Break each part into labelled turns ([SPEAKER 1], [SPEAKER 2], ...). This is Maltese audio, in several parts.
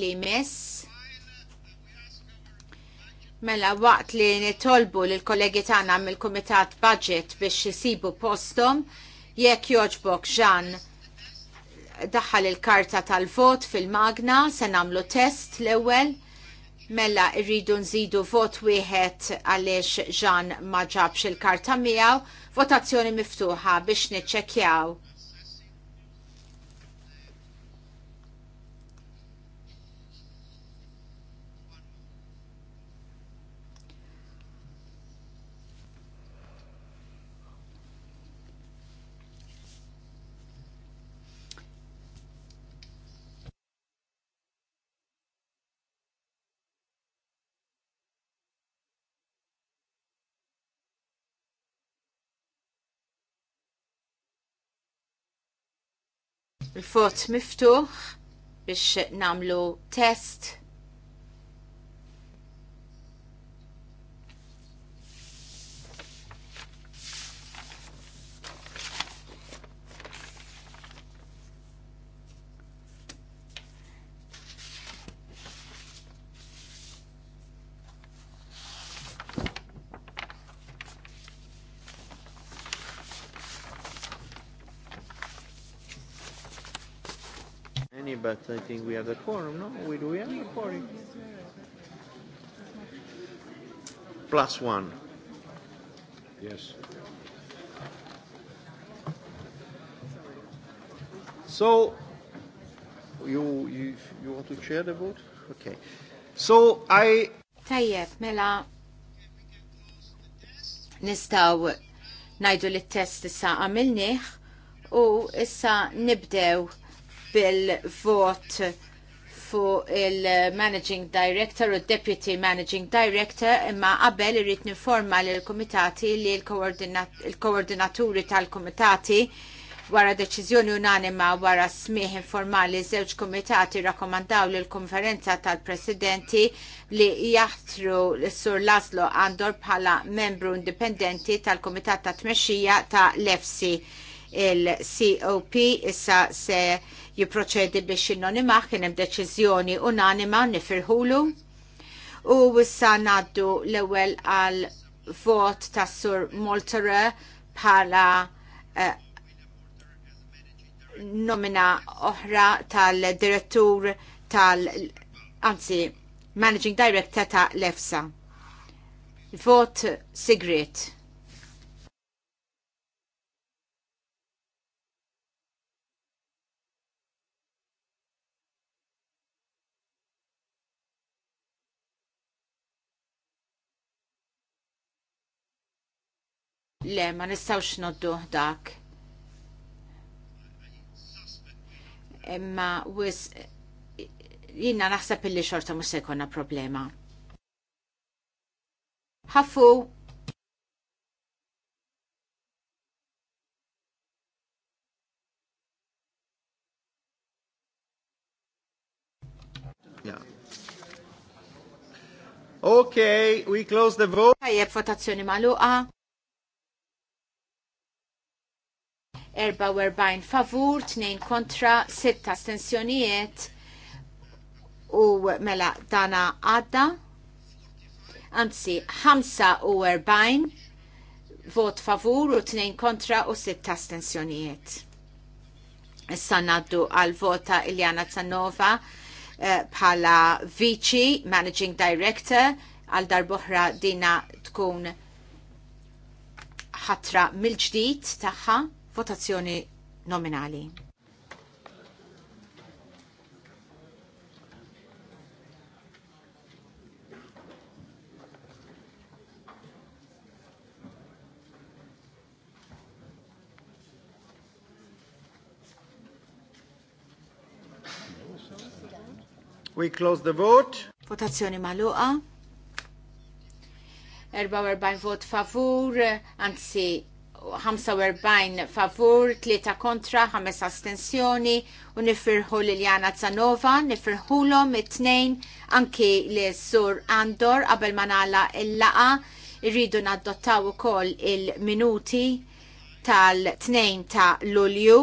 [SPEAKER 1] li mess Mela waqt li nitolbu lil kollegi tagħna mill-Kumitat Budget biex isibu postom jekk joġbok ġan daħħal il-karta tal-vot fil-magna se nagħmlu test l-ewwel mela rridu nżidu vot wieħed għaliex ġan ma ġabx il-karta miegħu votazzjoni miftuħa biex niċċekkjaw. il fot miftuħ biex namlu test company, but I think we have the quorum, no? We do we have the quorum? Plus one. Yes. So, you, you, you want to chair the vote? Okay. So, I... Tajjeb, mela, nistaw najdu li t-test issa għamilniħ u issa nibdew bil-vot fuq il-Managing Director u Deputy Managing Director imma qabel irrid niforma l komitati li l-koordinaturi tal-komitati wara deċiżjoni unanima wara smieħ informali żewġ komitati rakkomandaw lil konferenza tal-presidenti li jaħtru l-sur Laszlo Andor bħala membru indipendenti tal-Komitat ta' Tmexxija ta' l-EFSI il-COP issa se jiproċedi biex innonima kien hemm deċiżjoni unanima nifirħulu u issa ngħaddu l-ewwel għal vot ta' Sur Moltere bħala eh, nomina oħra tal-direttur tal-, anzi, Managing Director ta' l-EFSA. Vot Sigrit. Le, ma nistawx noddu dak. Imma wis jina naħseb illi xorta mhux se problema. Ħafu Yeah. Okay, we close the vote. Tajjeb votazzjoni maluqa. 44 favur, 2 kontra, 6 astensjonijiet u mela dana għadda. Anzi, 45 vot favur u 2 kontra u 6 astensjonijiet. Issa naddu għal vota Iljana Zanova eh, bħala Vici, Managing Director, għal darboħra dina tkun ħatra mill-ġdid tagħha votazzjoni nominali. We close the vote. Votazzjoni maluqa. 44 vot favur, anzi 45 favur, 3 kontra, 5 astensjoni u nifirħu Liljana Zanova, nifirħulhom it-tnejn anki li sur Andor qabel ma il-laqa irridu nadottaw ukoll il-minuti tal-tnejn ta' Lulju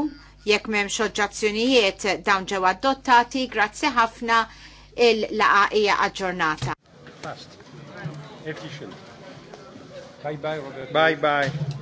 [SPEAKER 1] jekk m'hemmx oġġazzjonijiet dawn ġew adottati, grazzi ħafna il-laqa hija aġġornata. Bye Bye bye.